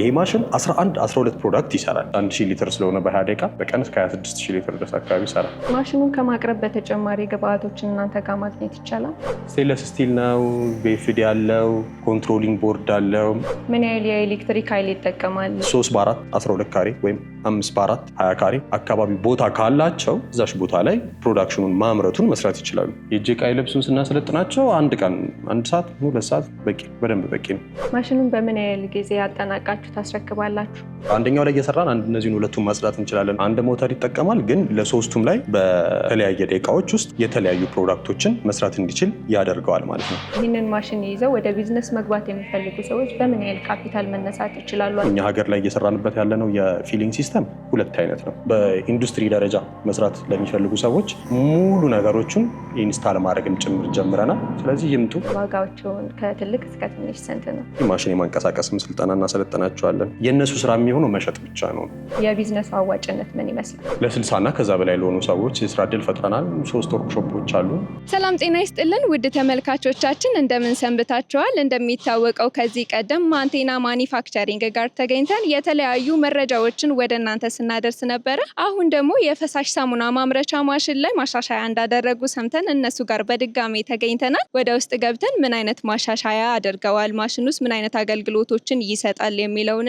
ይሄ ማሽን 11 12 ፕሮዳክት ይሰራል። 1000 ሊትር ስለሆነ በ20 ደቂቃ በቀን እስከ 26000 ሊትር ድረስ አካባቢ ይሰራል። ማሽኑን ከማቅረብ በተጨማሪ ግብአቶችን እናንተ ጋር ማግኘት ይቻላል። ስቴንለስ ስቲል ነው፣ ቤፍድ ያለው ኮንትሮሊንግ ቦርድ አለው። ምን ያህል የኤሌክትሪክ ኃይል ይጠቀማል? 3 በ4 12 ካሬ ወይም አምስት በአራት ሀያ ካሬ አካባቢ ቦታ ካላቸው እዛሽ ቦታ ላይ ፕሮዳክሽኑን ማምረቱን መስራት ይችላሉ። የእጅ ቃይ ልብሱን ስናሰለጥናቸው አንድ ቀን አንድ ሰዓት ሁለት ሰዓት በቂ በደንብ በቂ ነው። ማሽኑን በምን ያህል ጊዜ ያጠናቃችሁ ታስረክባላችሁ? አንደኛው ላይ እየሰራን አንድ እነዚህን ሁለቱን ማጽዳት እንችላለን። አንድ ሞተር ይጠቀማል፣ ግን ለሶስቱም ላይ በተለያየ ደቂቃዎች ውስጥ የተለያዩ ፕሮዳክቶችን መስራት እንዲችል ያደርገዋል ማለት ነው። ይህንን ማሽን ይዘው ወደ ቢዝነስ መግባት የሚፈልጉ ሰዎች በምን ያህል ካፒታል መነሳት ይችላሉ? እኛ ሀገር ላይ እየሰራንበት ያለነው የፊሊንግ ሲስተም ሲስተም ሁለት አይነት ነው። በኢንዱስትሪ ደረጃ መስራት ለሚፈልጉ ሰዎች ሙሉ ነገሮቹን ኢንስታል ማድረግን ጭምር ጀምረናል። ስለዚህ ይምጡ። ዋጋዎቹን ከትልቅ እስከ ትንሽ ስንት ነው? ማሽን የማንቀሳቀስም ስልጠና እናሰለጥናቸዋለን። የእነሱ ስራ የሚሆነው መሸጥ ብቻ ነው። የቢዝነሱ አዋጭነት ምን ይመስላል? ለስልሳና ከዛ በላይ ለሆኑ ሰዎች የስራ እድል ፈጥረናል። ሶስት ወርክሾፖች አሉ። ሰላም ጤና ይስጥልን ውድ ተመልካቾቻችን እንደምን ሰንብታችኋል? እንደሚታወቀው ከዚህ ቀደም ማንቴና ማኒፋክቸሪንግ ጋር ተገኝተን የተለያዩ መረጃዎችን ወደ እናንተ ስናደርስ ነበረ። አሁን ደግሞ የፈሳሽ ሳሙና ማምረቻ ማሽን ላይ ማሻሻያ እንዳደረጉ ሰምተን እነሱ ጋር በድጋሜ ተገኝተናል። ወደ ውስጥ ገብተን ምን አይነት ማሻሻያ አድርገዋል፣ ማሽን ውስጥ ምን አይነት አገልግሎቶችን ይሰጣል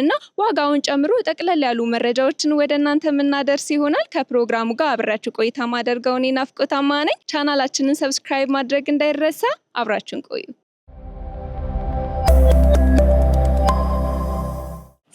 እና ዋጋውን ጨምሮ ጠቅለል ያሉ መረጃዎችን ወደ እናንተ የምናደርስ ይሆናል። ከፕሮግራሙ ጋር አብራችሁ ቆይታ ማደርገው እኔ ናፍቆታማ ነኝ። ቻናላችንን ሰብስክራይብ ማድረግ እንዳይረሳ። አብራችን ቆዩ።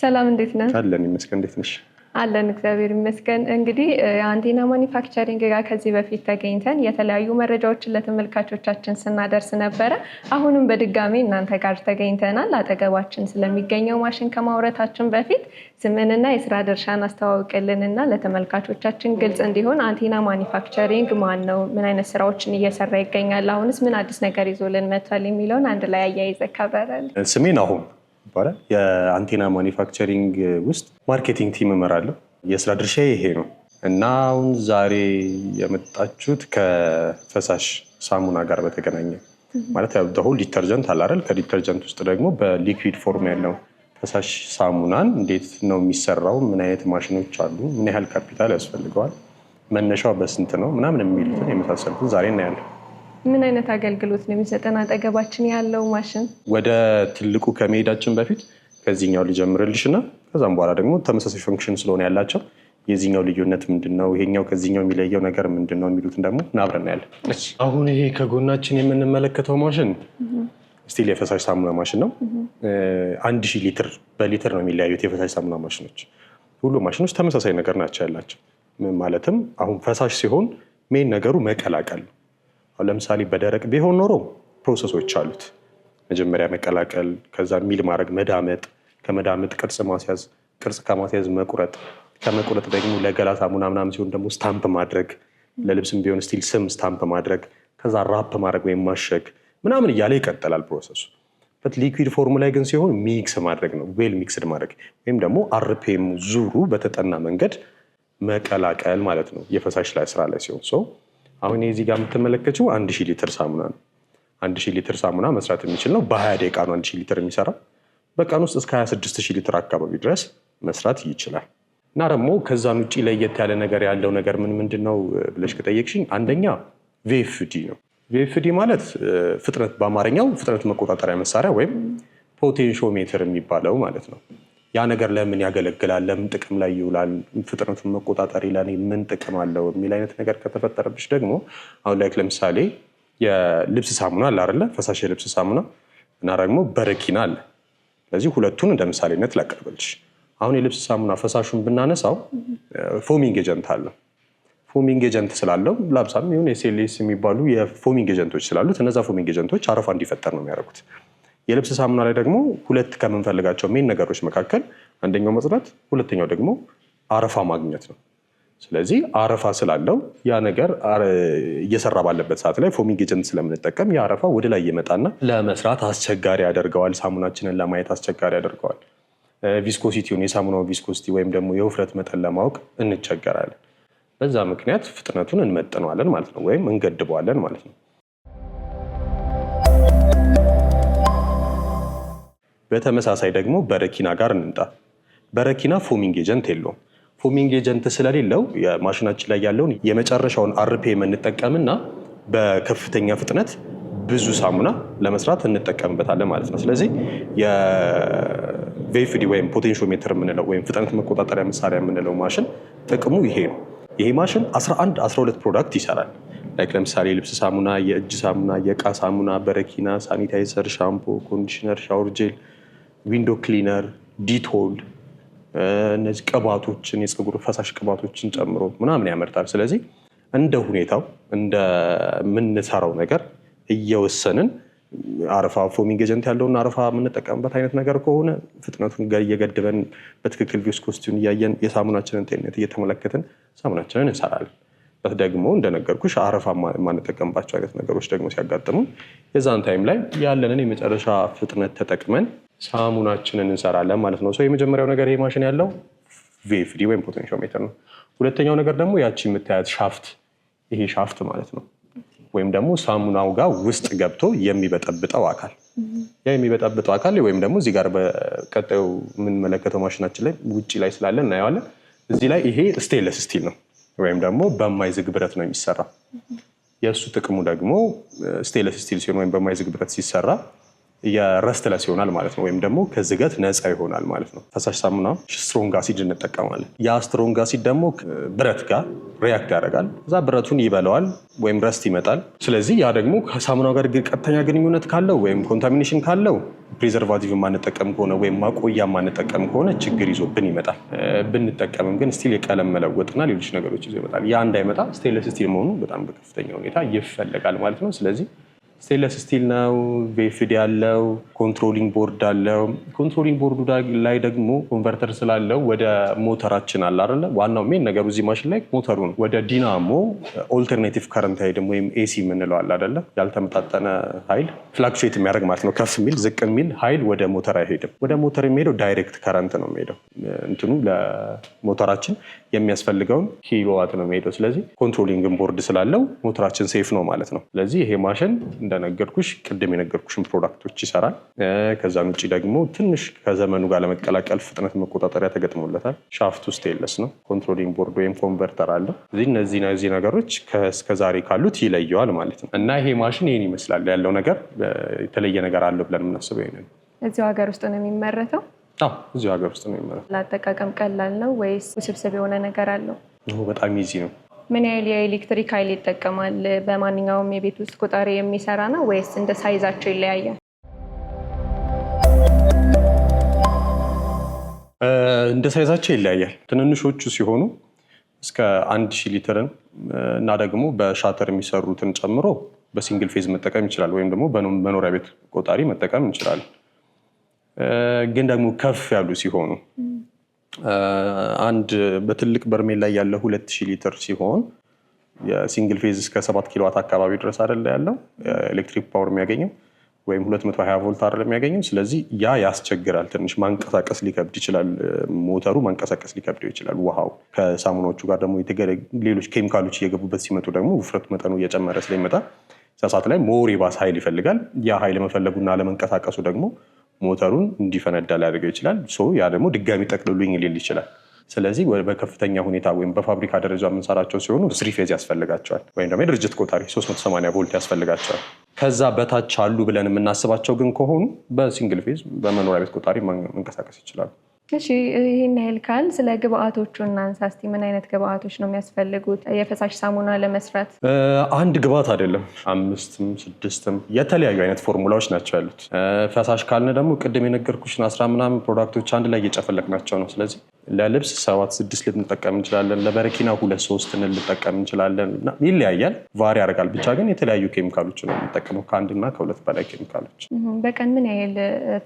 ሰላም፣ እንዴት ነህ? አለን ይመስገን። እንዴት ነሽ? አለን እግዚአብሔር ይመስገን። እንግዲህ የአንቴና ማኒፋክቸሪንግ ጋር ከዚህ በፊት ተገኝተን የተለያዩ መረጃዎችን ለተመልካቾቻችን ስናደርስ ነበረ። አሁንም በድጋሚ እናንተ ጋር ተገኝተናል። አጠገባችን ስለሚገኘው ማሽን ከማውረታችን በፊት ስምንና የስራ ድርሻን አስተዋውቅልንና ለተመልካቾቻችን ግልጽ እንዲሆን አንቴና ማኒፋክቸሪንግ ማን ነው፣ ምን አይነት ስራዎችን እየሰራ ይገኛል፣ አሁንስ ምን አዲስ ነገር ይዞልን መጥቷል የሚለውን አንድ ላይ አያይዘ ከበረል ስሜን አሁን ይባላል። የአንቴና ማኒፋክቸሪንግ ውስጥ ማርኬቲንግ ቲም እመራለሁ። የስራ ድርሻ ይሄ ነው እና አሁን ዛሬ የመጣችሁት ከፈሳሽ ሳሙና ጋር በተገናኘ ማለት ሁል ዲተርጀንት አላረል ከዲተርጀንት ውስጥ ደግሞ በሊኩዊድ ፎርም ያለው ፈሳሽ ሳሙናን እንዴት ነው የሚሰራው? ምን አይነት ማሽኖች አሉ? ምን ያህል ካፒታል ያስፈልገዋል? መነሻው በስንት ነው? ምናምን የሚሉትን የመሳሰሉትን ዛሬ እናያለን። ምን አይነት አገልግሎት ነው የሚሰጠን? አጠገባችን ያለው ማሽን ወደ ትልቁ ከመሄዳችን በፊት ከዚህኛው ልጀምርልሽ እና ከዛም በኋላ ደግሞ ተመሳሳይ ፈንክሽን ስለሆነ ያላቸው የዚህኛው ልዩነት ምንድን ነው፣ ይሄኛው ከዚህኛው የሚለየው ነገር ምንድን ነው የሚሉትን ደግሞ እናብረን ያለ አሁን ይሄ ከጎናችን የምንመለከተው ማሽን ስቲል የፈሳሽ ሳሙና ማሽን ነው። አንድ ሺህ ሊትር በሊትር ነው የሚለያዩት የፈሳሽ ሳሙና ማሽኖች። ሁሉ ማሽኖች ተመሳሳይ ነገር ናቸው ያላቸው። ማለትም አሁን ፈሳሽ ሲሆን ሜን ነገሩ መቀላቀል ነው ለምሳሌ በደረቅ ቢሆን ኖሮ ፕሮሰሶች አሉት። መጀመሪያ መቀላቀል፣ ከዛ ሚል ማድረግ፣ መዳመጥ፣ ከመዳመጥ ቅርጽ ማስያዝ፣ ቅርጽ ከማስያዝ መቁረጥ፣ ከመቁረጥ ደግሞ ለገላ ሳሙና ሲሆን ደግሞ ስታምፕ ማድረግ፣ ለልብስም ቢሆን ስቲል ስም ስታምፕ ማድረግ፣ ከዛ ራፕ ማድረግ ወይም ማሸግ ምናምን እያለ ይቀጥላል ፕሮሰሱ። በት ሊኩዊድ ፎርሙ ላይ ግን ሲሆን ሚክስ ማድረግ ነው፣ ዌል ሚክስድ ማድረግ ወይም ደግሞ አርፔም ዙሩ በተጠና መንገድ መቀላቀል ማለት ነው። የፈሳሽ ላይ ስራ ላይ ሲሆን ሰው አሁን እዚህ ጋር የምትመለከችው አንድ ሺህ ሊትር ሳሙና ነው። አንድ ሺህ ሊትር ሳሙና መስራት የሚችል ነው። በሀያ ደቂቃ ነው አንድ ሺህ ሊትር የሚሰራው። በቀን ውስጥ እስከ 26 ሺህ ሊትር አካባቢ ድረስ መስራት ይችላል። እና ደግሞ ከዛን ውጭ ለየት ያለ ነገር ያለው ነገር ምን ምንድን ነው ብለሽ ከጠየቅሽኝ፣ አንደኛ ቪኤፍዲ ነው። ቪኤፍዲ ማለት ፍጥነት፣ በአማርኛው ፍጥነት መቆጣጠሪያ መሳሪያ ወይም ፖቴንሾ ሜትር የሚባለው ማለት ነው። ያ ነገር ለምን ያገለግላል? ለምን ጥቅም ላይ ይውላል? ፍጥነቱን መቆጣጠር ለኔ ምን ጥቅም አለው? የሚል አይነት ነገር ከተፈጠረብሽ ደግሞ አሁን ላይ ለምሳሌ የልብስ ሳሙና አለ አይደለ? ፈሳሽ የልብስ ሳሙና እና ደግሞ በረኪና አለ። ስለዚህ ሁለቱን እንደ ምሳሌነት ላቀርበልሽ። አሁን የልብስ ሳሙና ፈሳሹን ብናነሳው ፎሚንግ ኤጀንት አለው። ፎሚንግ ኤጀንት ስላለው ላብሳም ሆን የሴሌስ የሚባሉ የፎሚንግ ኤጀንቶች ስላሉት እነዛ ፎሚንግ ኤጀንቶች አረፋ እንዲፈጠር ነው የሚያደርጉት። የልብስ ሳሙና ላይ ደግሞ ሁለት ከምንፈልጋቸው ሜን ነገሮች መካከል አንደኛው መጽዳት፣ ሁለተኛው ደግሞ አረፋ ማግኘት ነው። ስለዚህ አረፋ ስላለው ያ ነገር እየሰራ ባለበት ሰዓት ላይ ፎሚጌጀንት ስለምንጠቀም ያ አረፋ ወደ ላይ እየመጣና ለመስራት አስቸጋሪ ያደርገዋል። ሳሙናችንን ለማየት አስቸጋሪ ያደርገዋል። ቪስኮሲቲውን የሳሙናው ቪስኮሲቲ ወይም ደግሞ የውፍረት መጠን ለማወቅ እንቸገራለን። በዛ ምክንያት ፍጥነቱን እንመጥነዋለን ማለት ነው፣ ወይም እንገድበዋለን ማለት ነው። በተመሳሳይ ደግሞ በረኪና ጋር እንምጣ። በረኪና ፎሚንግ ኤጀንት የለውም። ፎሚንግ ኤጀንት ስለሌለው የማሽናችን ላይ ያለውን የመጨረሻውን አርፔ የምንጠቀምና በከፍተኛ ፍጥነት ብዙ ሳሙና ለመስራት እንጠቀምበታለን ማለት ነው። ስለዚህ የቬፍዲ ወይም ፖቴንሾሜትር የምንለው ወይም ፍጥነት መቆጣጠሪያ መሳሪያ የምንለው ማሽን ጥቅሙ ይሄ ነው። ይሄ ማሽን 11 12 ፕሮዳክት ይሰራል። ላይክ ለምሳሌ ልብስ ሳሙና፣ የእጅ ሳሙና፣ የእቃ ሳሙና፣ በረኪና፣ ሳኒታይዘር፣ ሻምፖ፣ ኮንዲሽነር፣ ሻወር ጄል ዊንዶ ክሊነር፣ ዲቶል እነዚህ ቅባቶችን የፀጉር ፈሳሽ ቅባቶችን ጨምሮ ምናምን ያመርታል። ስለዚህ እንደ ሁኔታው እንደምንሰራው ነገር እየወሰንን አረፋ ፎሚንግ ኤጀንት ያለውን አረፋ የምንጠቀምበት አይነት ነገር ከሆነ ፍጥነቱን እየገድበን በትክክል ቪስ እያየን የሳሙናችንን ጤንነት እየተመለከትን ሳሙናችንን እንሰራለን። ደግሞ እንደነገርኩሽ አረፋ የማንጠቀምባቸው አይነት ነገሮች ደግሞ ሲያጋጥሙ የዛን ታይም ላይ ያለንን የመጨረሻ ፍጥነት ተጠቅመን ሳሙናችንን እንሰራለን ማለት ነው። የመጀመሪያው ነገር ይሄ ማሽን ያለው ቪኤፍዲ ወይም ፖቴንሽዮ ሜትር ነው። ሁለተኛው ነገር ደግሞ ያቺ የምታያት ሻፍት፣ ይሄ ሻፍት ማለት ነው ወይም ደግሞ ሳሙናው ጋር ውስጥ ገብቶ የሚበጠብጠው አካል ያ የሚበጠብጠው አካል ወይም ደግሞ እዚህ ጋር በቀጣዩ የምንመለከተው ማሽናችን ላይ ውጭ ላይ ስላለን እናየዋለን። እዚህ ላይ ይሄ ስቴንለስ ስቲል ነው ወይም ደግሞ በማይዝግ ብረት ነው የሚሰራው። የእሱ ጥቅሙ ደግሞ ስቴንለስ ስቲል ሲሆን ወይም በማይዝግ ብረት ሲሰራ የረስትለስ ይሆናል ማለት ነው። ወይም ደግሞ ከዝገት ነፃ ይሆናል ማለት ነው። ፈሳሽ ሳሙና ስትሮንግ አሲድ እንጠቀማለን። ያ ስትሮንግ አሲድ ደግሞ ብረት ጋር ሪያክት ያደርጋል። እዛ ብረቱን ይበለዋል ወይም ረስት ይመጣል። ስለዚህ ያ ደግሞ ከሳሙናው ጋር ቀጥተኛ ግንኙነት ካለው ወይም ኮንታሚኔሽን ካለው ፕሪዘርቫቲቭ የማንጠቀም ከሆነ ወይም ማቆያ የማንጠቀም ከሆነ ችግር ይዞብን ይመጣል። ብንጠቀምም ግን ስቲል የቀለም መለወጥና ሌሎች ነገሮች ይዞ ይመጣል። ያ እንዳይመጣ ስቴንለስ ስቲል መሆኑ በጣም በከፍተኛ ሁኔታ ይፈለጋል ማለት ነው። ስለዚህ ስቴንለስ ስቲል ነው። ቬፊድ ያለው ኮንትሮሊንግ ቦርድ አለው። ኮንትሮሊንግ ቦርዱ ላይ ደግሞ ኮንቨርተር ስላለው ወደ ሞተራችን አለ አለ ዋናው ሜን ነገሩ እዚህ ማሽን ላይ ሞተሩ ነው። ወደ ዲናሞ ኦልተርኔቲቭ ከረንት ሀይል ወይም ኤሲ የምንለው አለ አደለ ያልተመጣጠነ ሀይል ፍላክቹዌት የሚያደርግ ማለት ነው። ከፍ የሚል ዝቅ የሚል ሀይል ወደ ሞተር አይሄድም። ወደ ሞተር የሚሄደው ዳይሬክት ከረንት ነው የሚሄደው። እንትኑ ለሞተራችን የሚያስፈልገውን ኪሎዋት ነው የሚሄደው። ስለዚህ ኮንትሮሊንግን ቦርድ ስላለው ሞተራችን ሴፍ ነው ማለት ነው። ስለዚህ ይሄ ማሽን እንደነገርኩሽ ቅድም የነገርኩሽን ፕሮዳክቶች ይሰራል። ከዛም ውጭ ደግሞ ትንሽ ከዘመኑ ጋር ለመቀላቀል ፍጥነት መቆጣጠሪያ ተገጥሞለታል። ውስጥ የለስ ነው። ኮንትሮሊንግ ቦርድ ወይም ኮንቨርተር አለው። እዚህ እነዚህ እነዚህ ነገሮች እስከዛሬ ካሉት ይለየዋል ማለት ነው እና ይሄ ማሽን ይህን ይመስላል ያለው ነገር የተለየ ነገር አለው ብለን የምናስበው ይሄ እዚሁ ሀገር ውስጥ ነው የሚመረተው። እዚሁ ሀገር ውስጥ ነው የሚመረተው። ለአጠቃቀም ቀላል ነው ወይስ ውስብስብ የሆነ ነገር አለው? በጣም ይዚ ነው። ምን ያህል የኤሌክትሪክ ኃይል ይጠቀማል? በማንኛውም የቤት ውስጥ ቆጣሪ የሚሰራ ነው ወይስ እንደ ሳይዛቸው ይለያያል? እንደ ሳይዛቸው ይለያያል። ትንንሾቹ ሲሆኑ እስከ አንድ ሺህ ሊትርን እና ደግሞ በሻተር የሚሰሩትን ጨምሮ በሲንግል ፌዝ መጠቀም ይችላል፣ ወይም ደግሞ በመኖሪያ ቤት ቆጣሪ መጠቀም እንችላለን። ግን ደግሞ ከፍ ያሉ ሲሆኑ አንድ በትልቅ በርሜል ላይ ያለ ሁለት ሺህ ሊትር ሲሆን የሲንግል ፌዝ እስከ ሰባት ኪሎዋት አካባቢ ድረስ አደለ ያለው ኤሌክትሪክ ፓወር የሚያገኘው ወይም 220 ቮልት አይደለም የሚያገኘው። ስለዚህ ያ ያስቸግራል። ትንሽ ማንቀሳቀስ ሊከብድ ይችላል። ሞተሩ ማንቀሳቀስ ሊከብደው ይችላል። ውሃው ከሳሙናዎቹ ጋር ደግሞ ሌሎች ኬሚካሎች እየገቡበት ሲመጡ ደግሞ ውፍረት መጠኑ እየጨመረ ስለሚመጣ ሰሳት ላይ ሞር የባሰ ኃይል ይፈልጋል። ያ ኃይል መፈለጉና ለመንቀሳቀሱ ደግሞ ሞተሩን እንዲፈነዳ ሊያደርገው ይችላል። ያ ደግሞ ድጋሚ ጠቅልሉኝ ሊል ይችላል። ስለዚህ በከፍተኛ ሁኔታ ወይም በፋብሪካ ደረጃ የምንሰራቸው ሲሆኑ ስሪ ፌዝ ያስፈልጋቸዋል፣ ወይም ደግሞ የድርጅት ቆጣሪ 380 ቮልት ያስፈልጋቸዋል። ከዛ በታች አሉ ብለን የምናስባቸው ግን ከሆኑ በሲንግል ፌዝ በመኖሪያ ቤት ቆጣሪ መንቀሳቀስ ይችላሉ። እሺ ይህን ያህል ካል ስለ ግብአቶቹ እናንሳ አንሳስቲ ምን አይነት ግብአቶች ነው የሚያስፈልጉት የፈሳሽ ሳሙና ለመስራት? አንድ ግብአት አይደለም፣ አምስትም ስድስትም የተለያዩ አይነት ፎርሙላዎች ናቸው ያሉት። ፈሳሽ ካልን ደግሞ ቅድም የነገርኩሽን አስራ ምናምን ፕሮዳክቶች አንድ ላይ ናቸው ነው። ስለዚህ ለልብስ ሰባት ስድስት ልንጠቀም እንችላለን። ለበረኪና ሁለት ሶስት ልንጠቀም እንችላለን። ይለያያል፣ ቫሪ ያደርጋል። ብቻ ግን የተለያዩ ኬሚካሎች ነው የምንጠቀመው፣ ከአንድና ከሁለት በላይ ኬሚካሎች። በቀን ምን ያህል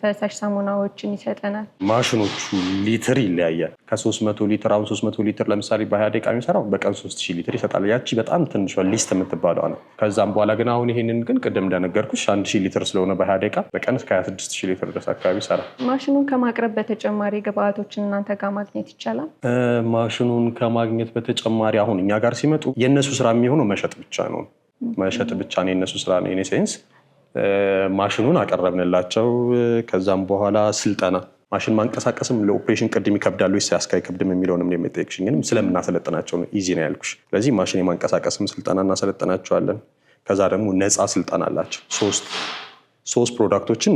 ፈሳሽ ሳሙናዎችን ይሰጠናል? ማሽኖቹ ሊትር ይለያያል። ከሶስት መቶ ሊትር አሁን ሶስት መቶ ሊትር ለምሳሌ በሀያ ደቂቃ የሚሰራው በቀን ሶስት ሺህ ሊትር ይሰጣል። ያቺ በጣም ትንሿ ሊስት የምትባለዋ ነው። ከዛም በኋላ ግን አሁን ይሄንን ግን ቅድም እንደነገርኩሽ አንድ ሺህ ሊትር ስለሆነ በሀያ ደቂቃ በቀን እስከ ሀያ ስድስት ሺህ ሊትር ድረስ አካባቢ ይሰራል። ማሽኑን ከማቅረብ በተጨማሪ ግብአቶችን እናንተ ጋር ማግኘት ይቻላል? ማሽኑን ከማግኘት በተጨማሪ አሁን እኛ ጋር ሲመጡ የእነሱ ስራ የሚሆነው መሸጥ ብቻ ነው። መሸጥ ብቻ ነው የእነሱ ስራ ነው። ሴንስ ማሽኑን አቀረብንላቸው። ከዛም በኋላ ስልጠና ማሽን ማንቀሳቀስም ለኦፕሬሽን ቅድም ይከብዳል ወይስ ክብድም የሚለውንም የምጠይቅሽኝንም ስለምናሰለጥናቸው ነው። ኢዚ ነው ያልኩሽ። ስለዚህ ማሽን የማንቀሳቀስም ስልጠና እናሰለጥናቸዋለን። ከዛ ደግሞ ነፃ ስልጠና አላቸው። ሶስት ሶስት ፕሮዳክቶችን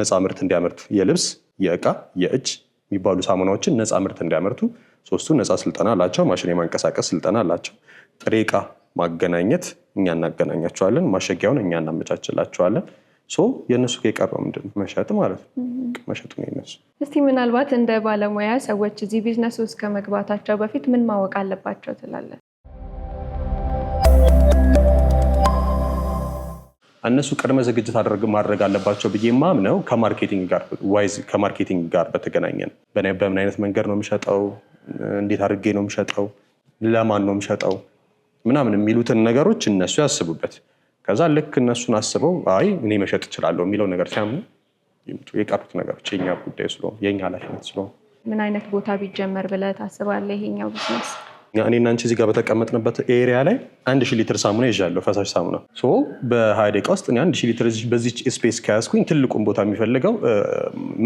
ነፃ ምርት እንዲያመርት የልብስ፣ የእቃ፣ የእጅ የሚባሉ ሳሙናዎችን ነፃ ምርት እንዲያመርቱ ሶስቱ ነፃ ስልጠና አላቸው። ማሽን የማንቀሳቀስ ስልጠና አላቸው። ጥሬ እቃ ማገናኘት እኛ እናገናኛቸዋለን። ማሸጊያውን እኛ እናመቻችላቸዋለን። የእነሱ የቀረው ምንድን ነው? መሸጥ ማለት ነው። መሸጡ ነው እስቲ ምናልባት እንደ ባለሙያ ሰዎች እዚህ ቢዝነስ ውስጥ ከመግባታቸው በፊት ምን ማወቅ አለባቸው ትላለ? እነሱ ቅድመ ዝግጅት አድርግ ማድረግ አለባቸው ብዬ ማምነው ከማርኬቲንግ ጋር ዋይዝ ከማርኬቲንግ ጋር በተገናኘ ነው። በምን አይነት መንገድ ነው የምሸጠው፣ እንዴት አድርጌ ነው የምሸጠው፣ ለማን ነው የምሸጠው ምናምን የሚሉትን ነገሮች እነሱ ያስቡበት። ከዛ ልክ እነሱን አስበው አይ እኔ መሸጥ እችላለሁ የሚለው ነገር ሲያምኑ የቀሩት ነገሮች የኛ ጉዳይ ስለሆነ የኛ ኃላፊነት ስለሆነ ምን አይነት ቦታ ቢጀመር ብለህ ታስባለህ ይሄኛው ቢዝነስ? እኔ እና አንቺ እዚህ ጋር በተቀመጥንበት ኤሪያ ላይ አንድ ሺህ ሊትር ሳሙና ይዣለሁ፣ ፈሳሽ ሳሙና በሀያ ደቂቃ ውስጥ እኔ አንድ ሺ ሊትር በዚች ስፔስ ከያዝኩኝ ትልቁን ቦታ የሚፈልገው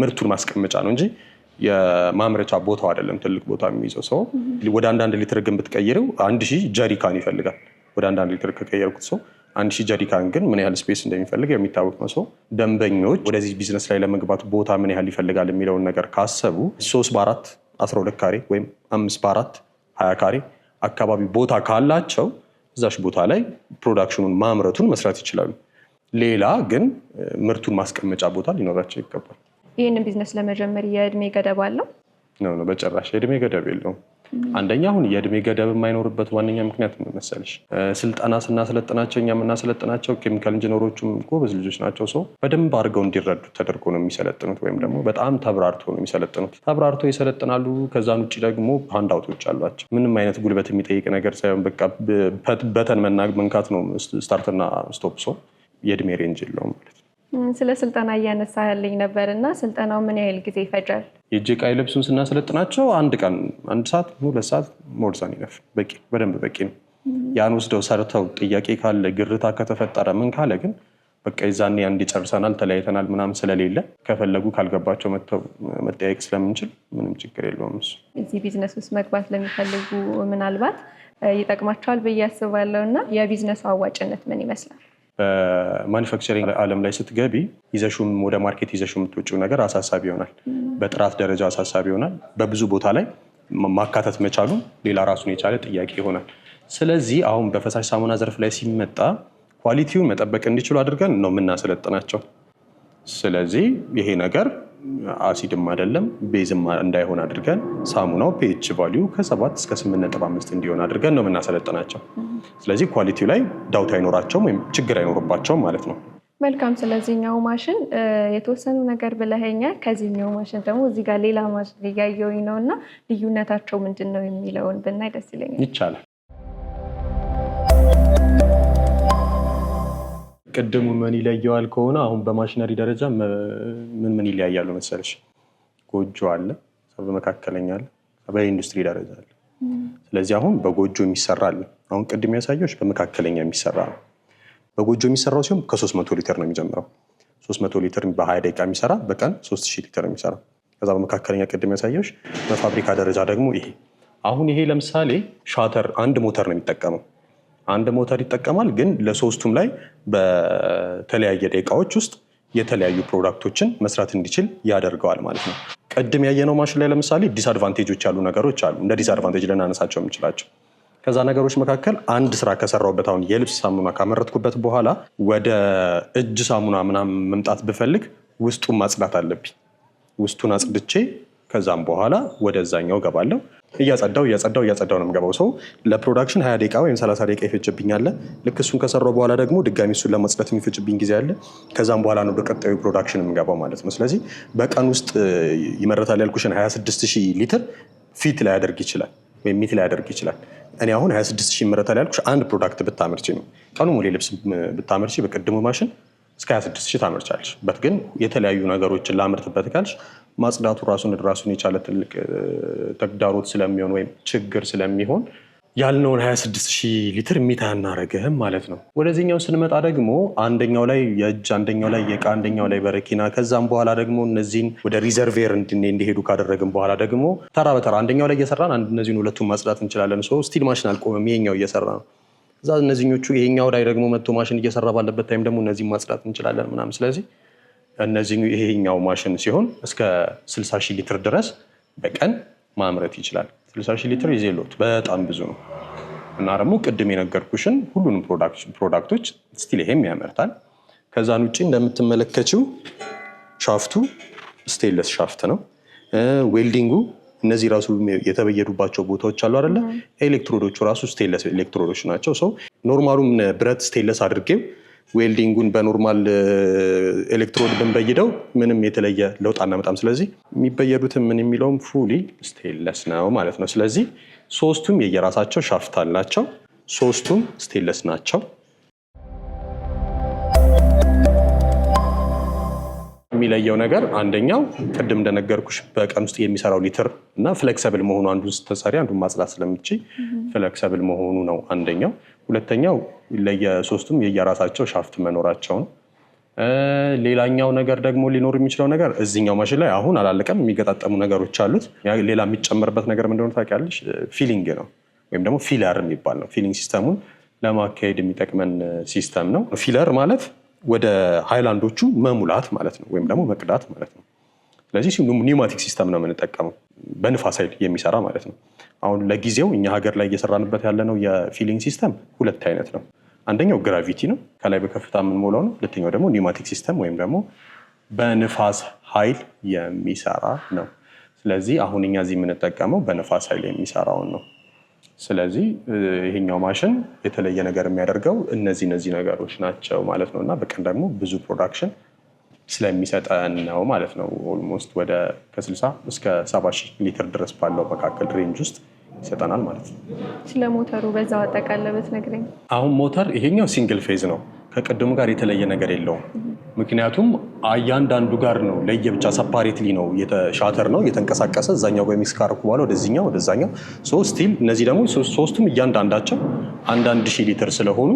ምርቱን ማስቀመጫ ነው እንጂ የማምረቻ ቦታው አይደለም። ትልቅ ቦታ የሚይዘው ሰው ወደ አንዳንድ ሊትር ግን ብትቀይረው አንድ ሺህ ጀሪካን ይፈልጋል። ወደ አንዳንድ ሊትር ከቀየርኩት ሰው አንድ ሺህ ጀሪካን ግን ምን ያህል ስፔስ እንደሚፈልግ የሚታወቅ ነው። ሰው ደንበኞች ወደዚህ ቢዝነስ ላይ ለመግባት ቦታ ምን ያህል ይፈልጋል የሚለውን ነገር ካሰቡ ሶስት በአራት አስራ ሁለት ካሬ ወይም አምስት በአራት ሀያ ካሬ አካባቢ ቦታ ካላቸው እዛሽ ቦታ ላይ ፕሮዳክሽኑን ማምረቱን መስራት ይችላሉ። ሌላ ግን ምርቱን ማስቀመጫ ቦታ ሊኖራቸው ይገባል። ይህንን ቢዝነስ ለመጀመር የእድሜ ገደብ አለው ነው? በጨራሽ የእድሜ ገደብ የለውም። አንደኛ አሁን የእድሜ ገደብ የማይኖርበት ዋነኛ ምክንያት መሰለሽ ስልጠና ስናሰለጥናቸው እኛ የምናሰለጥናቸው ኬሚካል ኢንጂነሮቹም ጎበዝ ልጆች ናቸው። ሰው በደንብ አድርገው እንዲረዱ ተደርጎ ነው የሚሰለጥኑት፣ ወይም ደግሞ በጣም ተብራርቶ ነው የሚሰለጥኑት። ተብራርቶ ይሰለጥናሉ። ከዛን ውጭ ደግሞ አውቶች አሏቸው። ምንም አይነት ጉልበት የሚጠይቅ ነገር ሳይሆን በቃ በተን መንካት ነው ስታርትና ስቶፕ። ሰው የእድሜ ሬንጅ የለውም ማለት ስለ ስልጠና ያለኝ ነበር እና ስልጠናው ምን ያህል ጊዜ ይፈጃል? የእጅ ቃይ ልብሱን ስናሰለጥናቸው አንድ ቀን አንድ ሰዓት ሁለት ሰዓት ሞርዛን ይነፍ በቂ በደንብ በቂ ነው። ያን ወስደው ሰርተው ጥያቄ ካለ ግርታ ከተፈጠረ ምን ካለ ግን በቃ የዛኔ አንድ ጨርሰናል ተለያይተናል ምናምን ስለሌለ ከፈለጉ ካልገባቸው መጠያየቅ ስለምንችል ምንም ችግር የለውም። እሱ እዚህ ቢዝነስ ውስጥ መግባት ለሚፈልጉ ምናልባት ይጠቅማቸዋል ብዬ አስባለሁ እና የቢዝነሱ አዋጭነት ምን ይመስላል? በማኒፋክቸሪንግ አለም ላይ ስትገቢ ይዘሹም ወደ ማርኬት ይዘሹ የምትወጪው ነገር አሳሳቢ ይሆናል። በጥራት ደረጃ አሳሳቢ ይሆናል። በብዙ ቦታ ላይ ማካተት መቻሉ ሌላ ራሱን የቻለ ጥያቄ ይሆናል። ስለዚህ አሁን በፈሳሽ ሳሙና ዘርፍ ላይ ሲመጣ ኳሊቲውን መጠበቅ እንዲችሉ አድርገን ነው የምናሰለጥናቸው። ስለዚህ ይሄ ነገር አሲድም አይደለም ቤዝም እንዳይሆን አድርገን ሳሙናው ፒኤች ቫሊዩ እስከ ስምንት ነጥብ አምስት እንዲሆን አድርገን ነው የምናሰለጥናቸው። ስለዚህ ኳሊቲው ላይ ዳውት አይኖራቸውም ወይም ችግር አይኖርባቸውም ማለት ነው። መልካም። ስለዚህኛው ማሽን የተወሰኑ ነገር ብለኸኛል። ከዚህኛው ማሽን ደግሞ እዚህ ጋር ሌላ ማሽን እያየውኝ ነው እና ልዩነታቸው ምንድን ነው የሚለውን ብናይ ደስ ይለኛል። ይቻላል። ቅድሙ ምን ይለየዋል ከሆነ አሁን በማሽነሪ ደረጃ ምን ምን ይለያያሉ መሰለሽ? ጎጆ አለ፣ በመካከለኛ አለ፣ በኢንዱስትሪ ደረጃ አለ። ስለዚህ አሁን በጎጆ የሚሰራል አሁን ቅድም ያሳየች በመካከለኛ የሚሰራ ነው። በጎጆ የሚሰራው ሲሆን ከሶስት መቶ ሊትር ነው የሚጀምረው። ሶስት መቶ ሊትር በሀያ ደቂቃ የሚሰራ በቀን ሶስት ሺህ ሊትር የሚሰራ ከዛ በመካከለኛ ቅድም ያሳየች በፋብሪካ ደረጃ ደግሞ ይሄ አሁን ይሄ ለምሳሌ ሻተር አንድ ሞተር ነው የሚጠቀመው አንድ ሞተር ይጠቀማል፣ ግን ለሶስቱም ላይ በተለያየ ደቂቃዎች ውስጥ የተለያዩ ፕሮዳክቶችን መስራት እንዲችል ያደርገዋል ማለት ነው። ቅድም ያየነው ማሽን ላይ ለምሳሌ ዲስአድቫንቴጆች ያሉ ነገሮች አሉ። እንደ ዲስአድቫንቴጅ ልናነሳቸው የምችላቸው ከዛ ነገሮች መካከል አንድ ስራ ከሰራውበት አሁን የልብስ ሳሙና ካመረትኩበት በኋላ ወደ እጅ ሳሙና ምናምን መምጣት ብፈልግ ውስጡን ማጽዳት አለብኝ። ውስጡን አጽድቼ ከዛም በኋላ ወደዛኛው ገባለሁ። እያጸዳው እያጸዳው እያጸዳው ነው የምገባው። ሰው ለፕሮዳክሽን ሀያ ደቂቃ ወይም ሰላሳ ደቂቃ ይፈጭብኝ አለ። ልክ እሱን ከሰራው በኋላ ደግሞ ድጋሚ እሱን ለመጽዳት የሚፈጭብኝ ጊዜ አለ። ከዛም በኋላ ነው በቀጣዩ ፕሮዳክሽን የምገባው ማለት ነው። ስለዚህ በቀን ውስጥ ይመረታል ያልኩሽን 26 ሺህ ሊትር ፊት ላይ ያደርግ ይችላል ወይም ሚት ላይ ያደርግ ይችላል። እኔ አሁን 26 ሺህ ይመረታል ያልኩሽ አንድ ፕሮዳክት ብታመርቺ ነው። ቀኑ ሙሌ ልብስ ብታመርቺ በቅድሙ ማሽን እስከ 26 ሺህ ታመርቻለሽ። በት ግን የተለያዩ ነገሮችን ላምርትበት ካልሽ ማጽዳቱ ራሱን ራሱን የቻለ ትልቅ ተግዳሮት ስለሚሆን ወይም ችግር ስለሚሆን ያልነውን 26 ሺህ ሊትር ሚታ እናረግህም ማለት ነው። ወደዚህኛው ስንመጣ ደግሞ አንደኛው ላይ የእጅ አንደኛው ላይ የዕቃ አንደኛው ላይ በረኪና ከዛም በኋላ ደግሞ እነዚህን ወደ ሪዘርቬር እንዲሄዱ ካደረግን በኋላ ደግሞ ተራ በተራ አንደኛው ላይ እየሰራን እነዚህን ሁለቱን ማጽዳት እንችላለን። ስቲል ማሽን አልቆመም። ይሄኛው እየሰራ ነው። እዛ እነዚህኞቹ ይሄኛው ላይ ደግሞ መቶ ማሽን እየሰራ ባለበት ታይም ደግሞ እነዚህ ማጽዳት እንችላለን ምናምን። ስለዚህ እነዚህ ይሄኛው ማሽን ሲሆን እስከ 60 ሺህ ሊትር ድረስ በቀን ማምረት ይችላል። 60 ሺህ ሊትር ይዜሎት በጣም ብዙ ነው እና ደግሞ ቅድም የነገርኩሽን ሁሉንም ፕሮዳክቶች ስቲል ይሄም ያመርታል። ከዛን ውጭ እንደምትመለከችው ሻፍቱ ስቴንለስ ሻፍት ነው። ዌልዲንጉ እነዚህ ራሱ የተበየዱባቸው ቦታዎች አሉ አይደለ? ኤሌክትሮዶቹ ራሱ ስቴንለስ ኤሌክትሮዶች ናቸው። ሰው ኖርማሉም ብረት ስቴንለስ አድርጌው ዌልዲንጉን በኖርማል ኤሌክትሮድ ብንበይደው ምንም የተለየ ለውጥ አናመጣም። ስለዚህ የሚበየዱትም ምን የሚለውም ፉሊ ስቴንለስ ነው ማለት ነው። ስለዚህ ሶስቱም የየራሳቸው ሻፍት አላቸው። ሶስቱም ስቴንለስ ናቸው። የሚለየው ነገር አንደኛው ቅድም እንደነገርኩሽ በቀን ውስጥ የሚሰራው ሊትር እና ፍሌክሰብል መሆኑ አንዱ ስትሰሪ አንዱ ማጽዳት ስለምችል ፍሌክሰብል መሆኑ ነው አንደኛው። ሁለተኛው ለየሶስቱም የየራሳቸው ሻፍት መኖራቸው ነው። ሌላኛው ነገር ደግሞ ሊኖር የሚችለው ነገር እዚኛው ማሽን ላይ አሁን አላለቀም፣ የሚገጣጠሙ ነገሮች አሉት። ሌላ የሚጨመርበት ነገር ምንደሆነ ታውቂያለሽ? ፊሊንግ ነው ወይም ደግሞ ፊለር የሚባል ነው። ፊሊንግ ሲስተሙን ለማካሄድ የሚጠቅመን ሲስተም ነው። ፊለር ማለት ወደ ሃይላንዶቹ መሙላት ማለት ነው፣ ወይም ደግሞ መቅዳት ማለት ነው። ስለዚህ ኒውማቲክ ሲስተም ነው የምንጠቀመው፣ በንፋስ ኃይል የሚሰራ ማለት ነው። አሁን ለጊዜው እኛ ሀገር ላይ እየሰራንበት ያለነው የፊሊንግ ሲስተም ሁለት አይነት ነው። አንደኛው ግራቪቲ ነው፣ ከላይ በከፍታ የምንሞላው ነው። ሁለተኛው ደግሞ ኒውማቲክ ሲስተም ወይም ደግሞ በንፋስ ኃይል የሚሰራ ነው። ስለዚህ አሁን እኛ እዚህ የምንጠቀመው በንፋስ ኃይል የሚሰራውን ነው። ስለዚህ ይሄኛው ማሽን የተለየ ነገር የሚያደርገው እነዚህ እነዚህ ነገሮች ናቸው ማለት ነው እና በቀን ደግሞ ብዙ ፕሮዳክሽን ስለሚሰጠን ነው ማለት ነው። ኦልሞስት ወደ ከ60 እስከ 70 ሺህ ሊትር ድረስ ባለው መካከል ሬንጅ ውስጥ ይሰጠናል ማለት ነው። ስለ ሞተሩ በዛው አጠቃለበት ነግረኝ። አሁን ሞተር ይሄኛው ሲንግል ፌዝ ነው ከቀደሙ ጋር የተለየ ነገር የለውም። ምክንያቱም እያንዳንዱ ጋር ነው ለየብቻ ሰፓሬትሊ ነው ሻተር ነው እየተንቀሳቀሰ እዛኛው በሚክስ ካረኩ በኋላ ወደዚኛው ወደዛኛው ስቲል እነዚህ ደግሞ ሶስቱም እያንዳንዳቸው አንዳንድ ሺህ ሊትር ስለሆኑ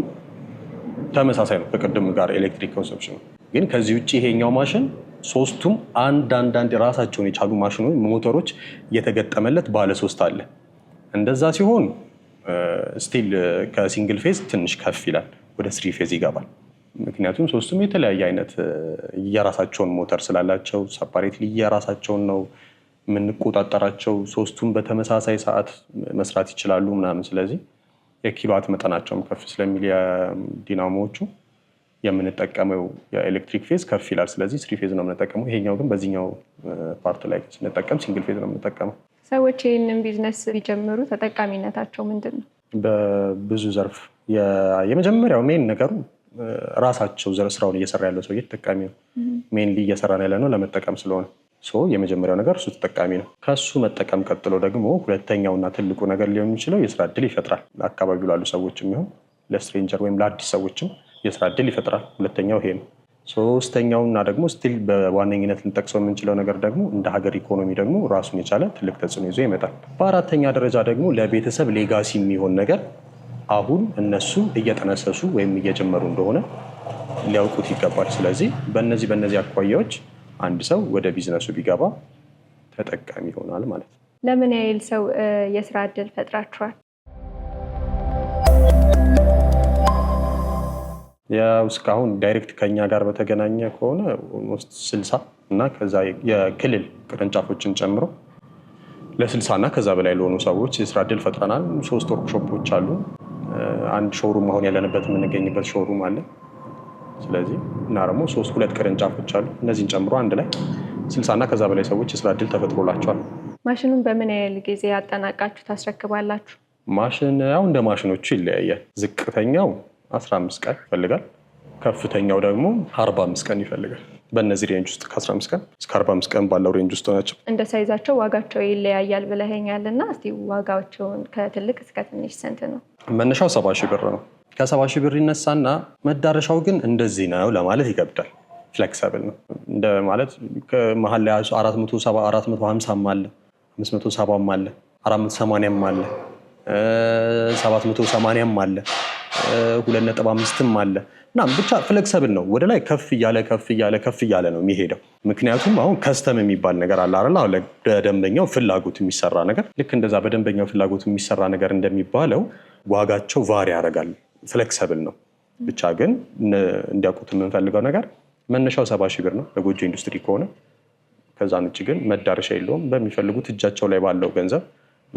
ተመሳሳይ ነው ከቅድም ጋር ኤሌክትሪክ ኮንሰፕሽን። ግን ከዚህ ውጭ ይሄኛው ማሽን ሶስቱም አንዳንዳንድ ራሳቸውን የቻሉ ማሽኖች ሞተሮች እየተገጠመለት ባለ ሶስት አለ። እንደዛ ሲሆን ስቲል ከሲንግል ፌዝ ትንሽ ከፍ ይላል። ወደ ስሪ ፌዝ ይገባል። ምክንያቱም ሶስቱም የተለያየ አይነት የራሳቸውን ሞተር ስላላቸው ሰፓሬትሊ የራሳቸውን ነው የምንቆጣጠራቸው። ሶስቱም በተመሳሳይ ሰዓት መስራት ይችላሉ ምናምን። ስለዚህ የኪሎዋት መጠናቸውም ከፍ ስለሚል ዲናሞዎቹ የምንጠቀመው የኤሌክትሪክ ፌዝ ከፍ ይላል። ስለዚህ ስሪ ፌዝ ነው የምንጠቀመው። ይሄኛው ግን በዚህኛው ፓርት ላይ ስንጠቀም ሲንግል ፌዝ ነው የምንጠቀመው። ሰዎች ይህንን ቢዝነስ ቢጀምሩ ተጠቃሚነታቸው ምንድን ነው? በብዙ ዘርፍ የመጀመሪያው ሜን ነገሩ ራሳቸው ስራውን እየሰራ ያለው ሰውዬ ተጠቃሚ ነው። ሜን እየሰራ ነው ያለነው ለመጠቀም ስለሆነ የመጀመሪያው ነገር እሱ ተጠቃሚ ነው። ከሱ መጠቀም ቀጥሎ ደግሞ ሁለተኛውና ትልቁ ነገር ሊሆን የሚችለው የስራ እድል ይፈጥራል። ለአካባቢው ላሉ ሰዎች ይሁን ለስትሬንጀር ወይም ለአዲስ ሰዎችም የስራ እድል ይፈጥራል። ሁለተኛው ይሄ ነው። ሶስተኛውና ደግሞ ስቲል በዋነኝነት ልንጠቅሰው የምንችለው ነገር ደግሞ እንደ ሀገር ኢኮኖሚ ደግሞ ራሱን የቻለ ትልቅ ተጽዕኖ ይዞ ይመጣል። በአራተኛ ደረጃ ደግሞ ለቤተሰብ ሌጋሲ የሚሆን ነገር አሁን እነሱ እየጠነሰሱ ወይም እየጀመሩ እንደሆነ ሊያውቁት ይገባል። ስለዚህ በነዚህ በነዚህ አኳያዎች አንድ ሰው ወደ ቢዝነሱ ቢገባ ተጠቃሚ ይሆናል ማለት ነው። ለምን ያህል ሰው የስራ እድል ፈጥራችኋል? ያው እስካሁን ዳይሬክት ከኛ ጋር በተገናኘ ከሆነ ኦልሞስት ስልሳ እና ከዛ የክልል ቅርንጫፎችን ጨምሮ ለስልሳ እና ከዛ በላይ ለሆኑ ሰዎች የስራ እድል ፈጥረናል። ሶስት ወርክሾፖች አሉ። አንድ ሾሩም አሁን ያለንበት የምንገኝበት ሾሩም አለ። ስለዚህ እና ደግሞ ሶስት ሁለት ቅርንጫፎች አሉ። እነዚህን ጨምሮ አንድ ላይ እና ከዛ በላይ ሰዎች የስራ እድል ተፈጥሮላቸዋል። ማሽኑን በምን ያህል ጊዜ ያጠናቃችሁ ታስረክባላችሁ? ማሽን ያው እንደ ማሽኖቹ ይለያያል። ዝቅተኛው 15 ቀን ይፈልጋል። ከፍተኛው ደግሞ አምስት ቀን ይፈልጋል። በእነዚህ ሬንጅ ውስጥ ከ15 ቀን እስከ 45 ቀን ባለው ሬንጅ ውስጥ ናቸው። እንደ ሳይዛቸው ዋጋቸው ይለያያል ብለኸኛል እና እስኪ ዋጋቸውን ከትልቅ እስከ ትንሽ ስንት ነው? መነሻው ሰባ ሺህ ብር ነው። ከሰባ ሺህ ብር ይነሳና መዳረሻው ግን እንደዚህ ነው ለማለት ይከብዳል። ፍሌክሰብል ነው እንደ ማለት መሀል ላይ አራት መቶ ሰባ አራት አለ አምስት መቶ ሰባም አለ አራት መቶ ሰማንያም አለ ሰባት አለ ሁለት ነጥብ አምስትም አለ እና ብቻ ፍለክሰብል ነው። ወደ ላይ ከፍ እያለ ከፍ እያለ ከፍ እያለ ነው የሚሄደው። ምክንያቱም አሁን ከስተም የሚባል ነገር አለ አይደል? አሁን በደንበኛው ፍላጎት የሚሰራ ነገር ልክ እንደዛ በደንበኛው ፍላጎት የሚሰራ ነገር እንደሚባለው ዋጋቸው ቫሪ ያደርጋል። ፍለክሰብል ነው። ብቻ ግን እንዲያውቁት የምንፈልገው ነገር መነሻው ሰባ ሺህ ብር ነው ለጎጆ ኢንዱስትሪ ከሆነ ከዛን ውጭ ግን መዳረሻ የለውም። በሚፈልጉት እጃቸው ላይ ባለው ገንዘብ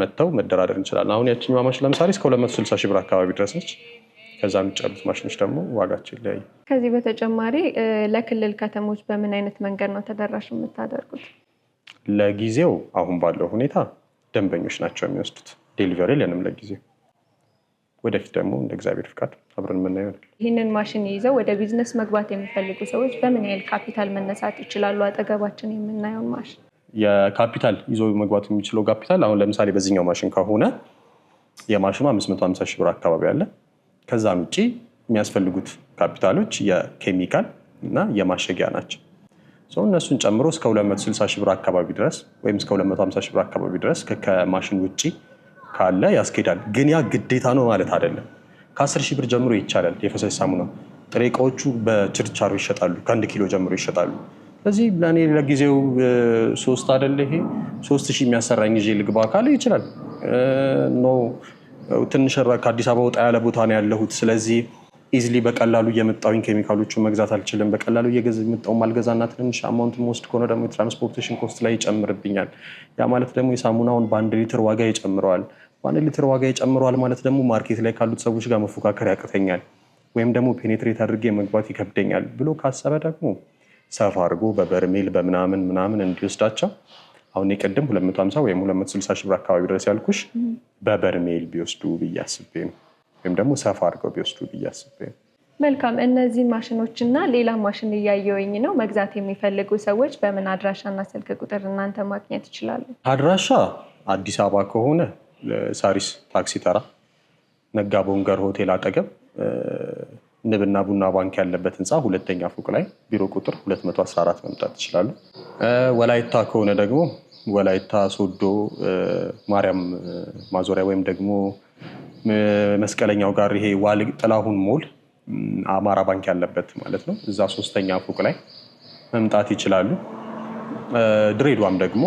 መጥተው መደራደር እንችላለን። አሁን ያችኛዋ ማሽ ለምሳሌ እስከ 260 ሺህ ብር አካባቢ ድረስ ነች። ከዛ የሚጫሉት ማሽኖች ደግሞ ዋጋቸው ይለያዩ። ከዚህ በተጨማሪ ለክልል ከተሞች በምን አይነት መንገድ ነው ተደራሽ የምታደርጉት? ለጊዜው አሁን ባለው ሁኔታ ደንበኞች ናቸው የሚወስዱት። ዴሊቨሪ የለንም ለጊዜው። ወደፊት ደግሞ እንደ እግዚአብሔር ፍቃድ አብረን የምናየው ይሆናል። ይህንን ማሽን ይዘው ወደ ቢዝነስ መግባት የሚፈልጉ ሰዎች በምን ያህል ካፒታል መነሳት ይችላሉ? አጠገባችን የምናየውን ማሽን የካፒታል ይዞ መግባት የሚችለው ካፒታል አሁን ለምሳሌ በዚህኛው ማሽን ከሆነ የማሽኑ 550 ሺህ ብር አካባቢ አለ። ከዛም ውጭ የሚያስፈልጉት ካፒታሎች የኬሚካል እና የማሸጊያ ናቸው። እነሱን ጨምሮ እስከ 260 ሺህ ብር አካባቢ ድረስ ወይም እስከ 250 ሺህ ብር አካባቢ ድረስ ከማሽን ውጭ ካለ ያስኬዳል። ግን ያ ግዴታ ነው ማለት አይደለም። ከ10 ሺህ ብር ጀምሮ ይቻላል። የፈሳሽ ሳሙና ጥሬ እቃዎቹ በችርቻሮ ይሸጣሉ። ከአንድ ኪሎ ጀምሮ ይሸጣሉ። ስለዚህ ለእኔ ለጊዜው ሶስት አይደለ ይሄ ሶስት ሺህ የሚያሰራኝ ይዤ ልግባ ካለ ይችላል። ኖ ትንሽ ከአዲስ አበባ ወጣ ያለ ቦታ ነው ያለሁት። ስለዚህ ኢዝሊ በቀላሉ እየመጣሁኝ ኬሚካሎቹን መግዛት አልችልም። በቀላሉ እየመጣሁ አልገዛና ትንሽ አማውንት መወስድ ከሆነ ደግሞ የትራንስፖርቴሽን ኮስት ላይ ይጨምርብኛል። ያ ማለት ደግሞ የሳሙናውን በአንድ ሊትር ዋጋ ይጨምረዋል። በአንድ ሊትር ዋጋ ይጨምረዋል ማለት ደግሞ ማርኬት ላይ ካሉት ሰዎች ጋር መፎካከር ያቅተኛል፣ ወይም ደግሞ ፔኔትሬት አድርጌ መግባት ይከብደኛል ብሎ ካሰበ ደግሞ ሰፋ አድርጎ በበርሜል በምናምን ምናምን እንዲወስዳቸው አሁን የቀደም 250 ወይም 260 ሺህ ብር አካባቢ ድረስ ያልኩሽ በበርሜል ቢወስዱ ብዬ አስቤ ነው። ወይም ደግሞ ሰፋ አድርገው ቢወስዱ ብዬ አስቤ ነው። መልካም። እነዚህ ማሽኖች እና ሌላ ማሽን እያየውኝ ነው። መግዛት የሚፈልጉ ሰዎች በምን አድራሻ እና ስልክ ቁጥር እናንተ ማግኘት ይችላሉ? አድራሻ አዲስ አበባ ከሆነ ሳሪስ ታክሲ ተራ ነጋ ቦንገር ሆቴል አጠገብ ንብና ቡና ባንክ ያለበት ህንፃ ሁለተኛ ፎቅ ላይ ቢሮ ቁጥር 214 መምጣት ይችላሉ። ወላይታ ከሆነ ደግሞ ወላይታ ሶዶ ማርያም ማዞሪያ ወይም ደግሞ መስቀለኛው ጋር ይሄ ዋል ጥላሁን ሞል አማራ ባንክ ያለበት ማለት ነው። እዛ ሶስተኛ ፎቅ ላይ መምጣት ይችላሉ። ድሬዷም ደግሞ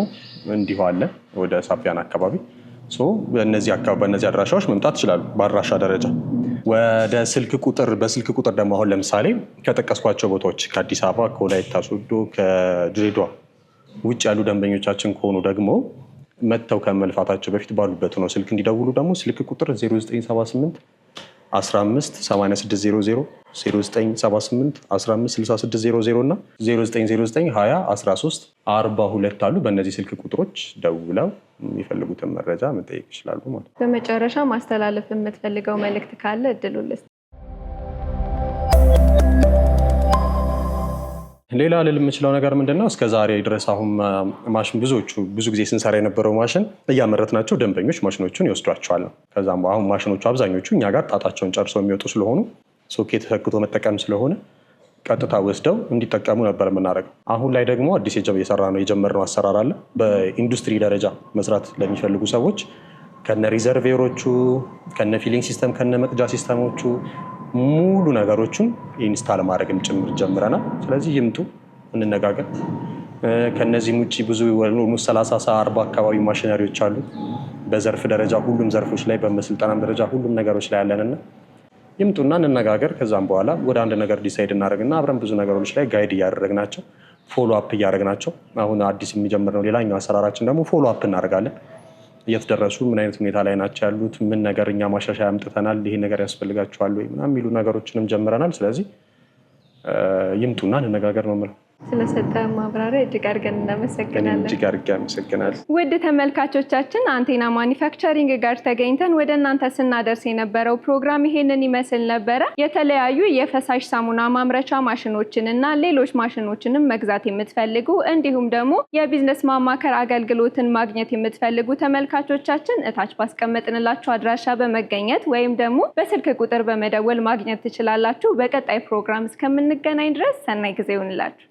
እንዲሁ አለ ወደ ሳቢያን አካባቢ። በእነዚህ አድራሻዎች መምጣት ይችላሉ በአድራሻ ደረጃ ወደ ስልክ ቁጥር በስልክ ቁጥር ደግሞ አሁን ለምሳሌ ከጠቀስኳቸው ቦታዎች ከአዲስ አበባ፣ ከወላይታ ሶዶ፣ ከድሬዳዋ ውጭ ያሉ ደንበኞቻችን ከሆኑ ደግሞ መጥተው ከመልፋታቸው በፊት ባሉበት ነው ስልክ እንዲደውሉ ደግሞ ስልክ ቁጥር 0978 15 8600 አሉ። በእነዚህ ስልክ ቁጥሮች ደውለው የሚፈልጉትን መረጃ መጠየቅ ይችላሉ ማለት ነው። በመጨረሻ ማስተላለፍ የምትፈልገው መልእክት ካለ እድሉ ልስጥ። ሌላ ልል የምችለው ነገር ምንድነው እስከ ዛሬ ድረስ አሁን ማሽን ብዙዎቹ ብዙ ጊዜ ስንሰራ የነበረው ማሽን እያመረትናቸው ደንበኞች ማሽኖቹን ይወስዷቸዋል ነው። ከዛም አሁን ማሽኖቹ አብዛኞቹ እኛ ጋር ጣጣቸውን ጨርሰው የሚወጡ ስለሆኑ ሶኬት ተሰክቶ መጠቀም ስለሆነ ቀጥታ ወስደው እንዲጠቀሙ ነበር የምናደርገው። አሁን ላይ ደግሞ አዲስ የሰራ ነው የጀመርነው አሰራር አለ። በኢንዱስትሪ ደረጃ መስራት ለሚፈልጉ ሰዎች ከነ ሪዘርቬሮቹ ከነ ፊሊንግ ሲስተም ከነ መቅጃ ሲስተሞቹ ሙሉ ነገሮችን ኢንስታል ማድረግም ጭምር ጀምረናል። ስለዚህ ይምጡ እንነጋገር። ከነዚህም ውጭ ብዙ ኦልሞስት ሰላሳ አርባ አካባቢ ማሽነሪዎች አሉ። በዘርፍ ደረጃ ሁሉም ዘርፎች ላይ በመስልጠናም ደረጃ ሁሉም ነገሮች ላይ ያለንና ይምጡና እንነጋገር። ከዛም በኋላ ወደ አንድ ነገር ዲሳይድ እናደርግና አብረን ብዙ ነገሮች ላይ ጋይድ እያደረግናቸው ፎሎ አፕ እያደረግናቸው አሁን አዲስ የሚጀምር ነው። ሌላኛው አሰራራችን ደግሞ ፎሎ አፕ እናደርጋለን። እየተደረሱ ምን አይነት ሁኔታ ላይ ናቸው ያሉት፣ ምን ነገር እኛ ማሻሻያ አምጥተናል፣ ይሄ ነገር ያስፈልጋቸዋል ወይ ምናምን የሚሉ ነገሮችንም ጀምረናል። ስለዚህ ይምጡና እንነጋገር ነው የምለው። ስለሰጠ ማብራሪያ እጅግ አድርገን እናመሰግናለን። እጅግ አድርጌ አመሰግናለሁ። ውድ ተመልካቾቻችን አንቴና ማኒፋክቸሪንግ ጋር ተገኝተን ወደ እናንተ ስናደርስ የነበረው ፕሮግራም ይሄንን ይመስል ነበረ። የተለያዩ የፈሳሽ ሳሙና ማምረቻ ማሽኖችን እና ሌሎች ማሽኖችንም መግዛት የምትፈልጉ እንዲሁም ደግሞ የቢዝነስ ማማከር አገልግሎትን ማግኘት የምትፈልጉ ተመልካቾቻችን እታች ባስቀመጥንላችሁ አድራሻ በመገኘት ወይም ደግሞ በስልክ ቁጥር በመደወል ማግኘት ትችላላችሁ። በቀጣይ ፕሮግራም እስከምንገናኝ ድረስ ሰናይ ጊዜ ይሁንላችሁ።